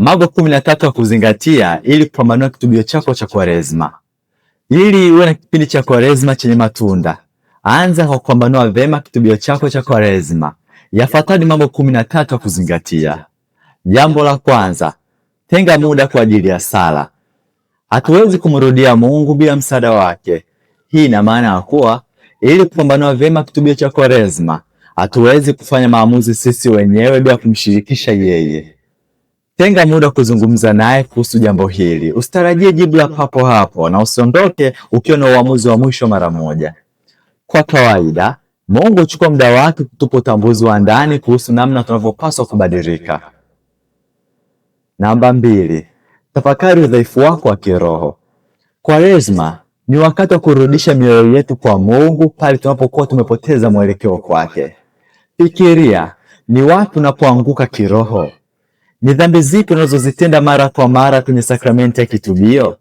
Mambo kumi na tatu ya kuzingatia ili kupambanua kitubio chako cha Kwaresma. Ili uwe na kipindi cha Kwaresma chenye matunda, anza kwa kupambanua vema kitubio chako cha Kwaresma. Yafuatayo ni mambo kumi na tatu ya kuzingatia. Jambo la kwanza, tenga muda kwa ajili ya sala. Hatuwezi kumrudia Mungu bila msaada wake. Hii ina maana ya kuwa ili kupambanua vema kitubio cha Kwaresma, hatuwezi kufanya maamuzi sisi wenyewe bila kumshirikisha yeye. Tenga muda wa kuzungumza naye kuhusu jambo hili. Usitarajie jibu la papo hapo na usiondoke ukiwa na uamuzi wa mwisho mara moja. Kwa kawaida, Mungu huchukua muda wake kutupa utambuzi wa ndani kuhusu namna tunavyopaswa kubadilika. Namba mbili, tafakari udhaifu wako wa kiroho. Kwaresma ni wakati wa kurudisha mioyo yetu kwa Mungu pale tunapokuwa tumepoteza mwelekeo kwake. Fikiria ni wapi unapoanguka kiroho. Ni dhambi zipi unazozitenda mara kwa mara kwenye sakramenti ya kitubio?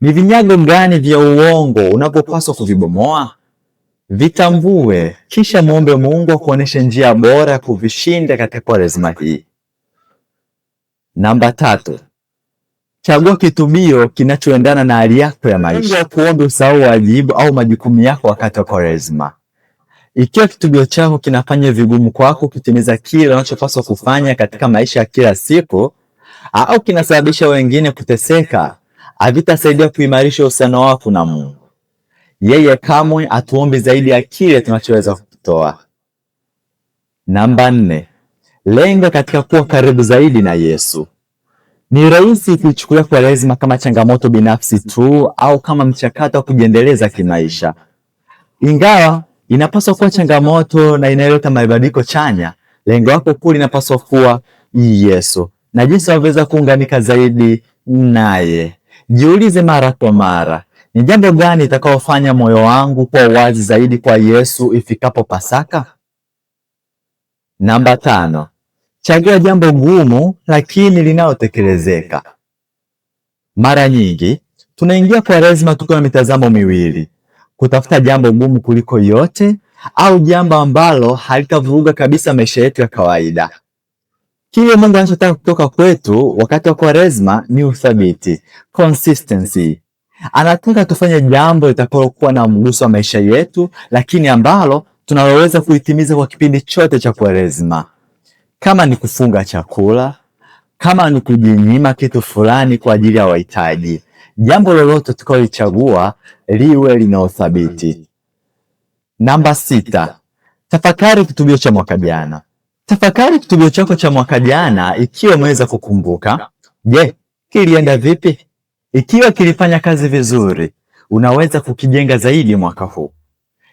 Ni vinyago gani vya uongo unavyopaswa kuvibomoa? Vitambue, kisha muombe Mungu akuoneshe njia bora ya kuvishinda katika Kwaresma hii. Namba tatu, chagua kitubio kinachoendana na hali yako ya maisha. Kuombe usahau wajibu au majukumu yako wakati wa Kwaresma. Ikiwa kitubio chako kinafanya vigumu kwako kutimiza kile unachopaswa kufanya katika maisha ya kila siku au kinasababisha wengine kuteseka, havitasaidia kuimarisha uhusiano wako na Mungu. Yeye kamwe atuombi zaidi ya kile tunachoweza kutoa. Namba nne, lenga katika kuwa karibu zaidi na Yesu. Ni rahisi kuichukulia kwa lazima kama changamoto binafsi tu au kama mchakato wa kujiendeleza kimaisha, ingawa inapaswa kuwa changamoto na inayoleta mabadiliko chanya. Lengo lako kuu linapaswa kuwa Yesu na jinsi unavyoweza kuunganika zaidi naye. Jiulize mara kwa mara, ni jambo gani itakaofanya moyo wangu kuwa wazi zaidi kwa Yesu ifikapo Pasaka? Namba tano, chagua jambo gumu lakini linalotekelezeka. Mara nyingi tunaingia Kwaresma tukiwa na mitazamo miwili kutafuta jambo gumu kuliko yote au jambo ambalo halitavuruga kabisa maisha yetu ya kawaida. Kile Mungu anachotaka kutoka kwetu wakati wa Kwaresma ni uthabiti, consistency. Anataka tufanye jambo litakalokuwa na mguso wa maisha yetu, lakini ambalo tunaloweza kuitimiza kwa kipindi chote cha Kwaresma, kama ni kufunga chakula, kama ni kujinyima kitu fulani kwa ajili ya wahitaji jambo lolote tukalolichagua liwe lina uthabiti. Namba sita, tafakari kitubio cha mwaka jana. Tafakari kitubio chako cha mwaka jana, ikiwa umeweza kukumbuka. Je, kilienda vipi? Ikiwa kilifanya kazi vizuri, unaweza kukijenga zaidi mwaka huu.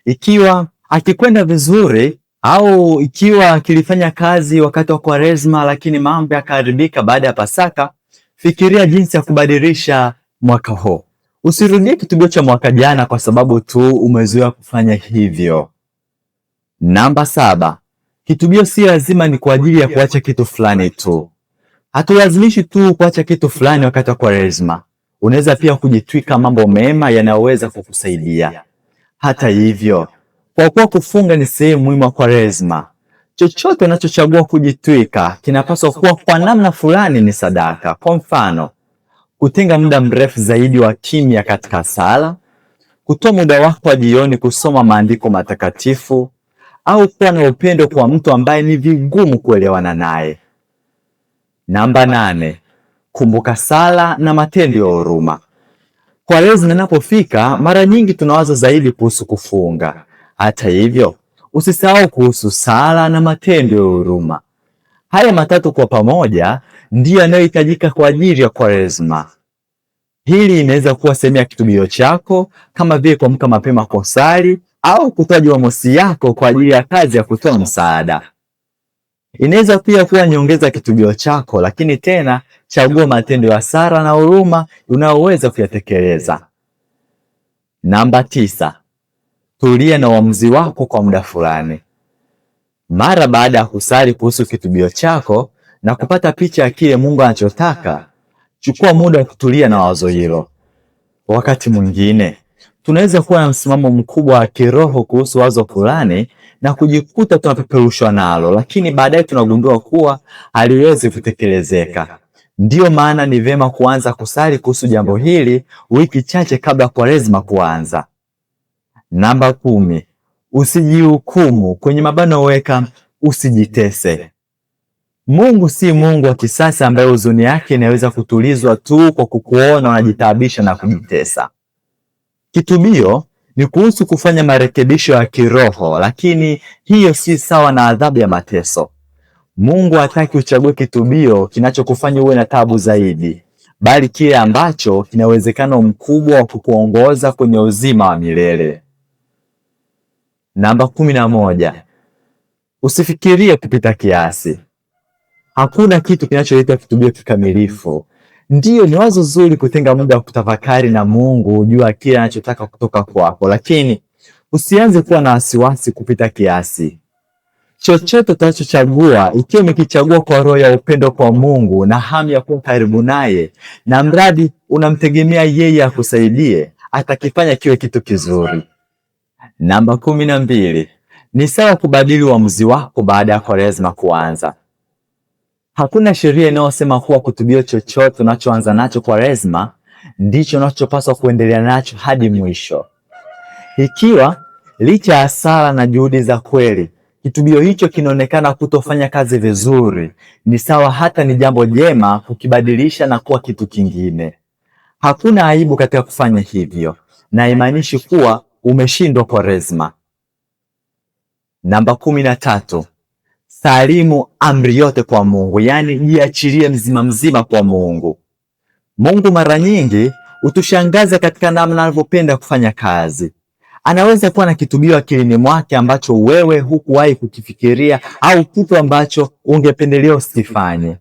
Ikiwa akikwenda vizuri au ikiwa kilifanya kazi wakati wa Kwaresma, lakini mambo yakaharibika baada ya Pasaka, fikiria jinsi ya kubadilisha mwaka huu. Usirudie kitubio cha mwaka jana kwa sababu tu umezoea kufanya hivyo. Namba saba, kitubio si lazima ni kwa ajili ya kuacha kitu fulani tu. Hatulazimishi tu kuacha kitu fulani wakati wa Kwaresma. Unaweza pia kujitwika mambo mema yanayoweza kukusaidia. Hata hivyo, kwa kuwa kufunga ni sehemu muhimu ya Kwaresma, chochote unachochagua kujitwika kinapaswa kuwa kwa namna fulani ni sadaka. Kwa mfano, kutenga muda mrefu zaidi wa kimya katika sala, kutoa muda wako wa jioni kusoma maandiko matakatifu au kuwa na upendo kwa mtu ambaye ni vigumu kuelewana naye. Namba nane, kumbuka sala na matendo ya huruma. Kwa leo zinapofika, mara nyingi tunawaza zaidi kuhusu kufunga. Hata hivyo, usisahau kuhusu sala na matendo ya huruma. Haya matatu kwa pamoja ndiyo yanayohitajika kwa ajili ya Kwaresma. Hili inaweza kuwa sehemu ya kitubio chako kama vile kuamka mapema kosali au kutoa Jumamosi yako kwa ajili ya kazi ya kutoa msaada. Inaweza pia kuwa nyongeza kitubio chako, lakini tena chagua matendo ya sara na huruma unayoweza kuyatekeleza. Namba tisa, tulia na uamuzi wako kwa muda fulani. Mara baada ya kusali kuhusu kitubio chako na kupata picha ya kile Mungu anachotaka Chukua muda wa kutulia na wazo hilo. Wakati mwingine tunaweza kuwa na msimamo mkubwa wa kiroho kuhusu wazo fulani na kujikuta tunapeperushwa nalo, lakini baadaye tunagundua kuwa haliwezi kutekelezeka. Ndiyo maana ni vema kuanza kusali kuhusu jambo hili wiki chache kabla ya Kwaresma kuanza. Namba kumi, usijihukumu kwenye mabano weka usijitese. Mungu si Mungu wa kisasa ambaye huzuni yake inaweza kutulizwa tu kwa kukuona unajitaabisha na kujitesa. Kitubio ni kuhusu kufanya marekebisho ya kiroho, lakini hiyo si sawa na adhabu ya mateso. Mungu hataki uchague kitubio kinachokufanya uwe na tabu zaidi, bali kile ambacho kina uwezekano mkubwa wa kukuongoza kwenye uzima wa milele. Namba kumi na moja: usifikirie kupita kiasi. Hakuna kitu kinacholeta kitubio kikamilifu. Ndiyo, ni wazo zuri kutenga muda wa kutafakari na Mungu jua kile anachotaka kutoka kwako, lakini usianze kuwa na wasiwasi kupita kiasi. Chochote utachochagua, ikiwa umekichagua kwa roho ya upendo kwa Mungu na hamu ya kuwa karibu naye, na mradi unamtegemea yeye akusaidie, atakifanya kiwe kitu kizuri. Namba kumi na mbili: ni sawa kubadili uamuzi wako baada ya Kwaresma kuanza. Hakuna sheria inayosema kuwa kitubio chochote unachoanza nacho kwa rezma ndicho unachopaswa kuendelea nacho hadi mwisho. Ikiwa licha ya sala na juhudi za kweli kitubio hicho kinaonekana kutofanya kazi vizuri, ni sawa, hata ni jambo jema kukibadilisha na kuwa kitu kingine. Hakuna aibu katika kufanya hivyo, na haimaanishi kuwa umeshindwa rezma. Namba kumi na tatu salimu amri yote kwa Mungu, yaani jiachilie mzima mzima kwa Mungu. Mungu mara nyingi hutushangaza katika namna anavyopenda kufanya kazi. Anaweza kuwa na kitubio akilini mwake ambacho wewe hukuwahi kukifikiria au kitu ambacho ungependelea usifanye.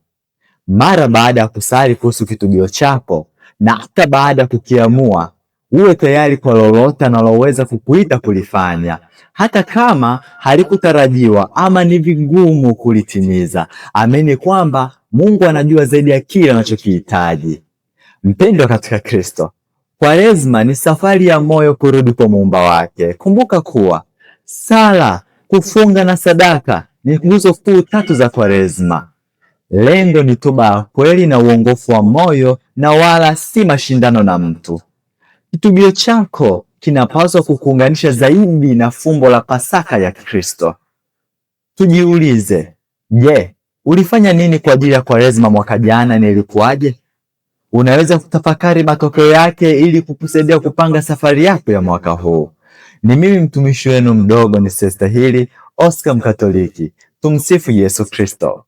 Mara baada ya kusali kuhusu kitubio chako na hata baada ya kukiamua Uwe tayari kwa lolote analoweza kukuita kulifanya, hata kama halikutarajiwa ama ni vigumu kulitimiza. Amini kwamba Mungu anajua zaidi ya kile anachokihitaji. Mpendwa katika Kristo, Kwaresma ni safari ya moyo kurudi kwa muumba wake. Kumbuka kuwa sala, kufunga na sadaka ni nguzo kuu tatu za Kwaresma. Lengo ni toba ya kweli na uongofu wa moyo, na wala si mashindano na mtu. Kitubio chako kinapaswa kukuunganisha zaidi na fumbo la Pasaka ya Kristo. Tujiulize, je, ulifanya nini kwa ajili ya Kwaresma mwaka jana? Nilikuwaje? Unaweza kutafakari matokeo yake ili kukusaidia kupanga safari yako ya mwaka huu. Ni mimi mtumishi wenu mdogo, ni Sesta Hili Oscar Mkatoliki. Tumsifu Yesu Kristo.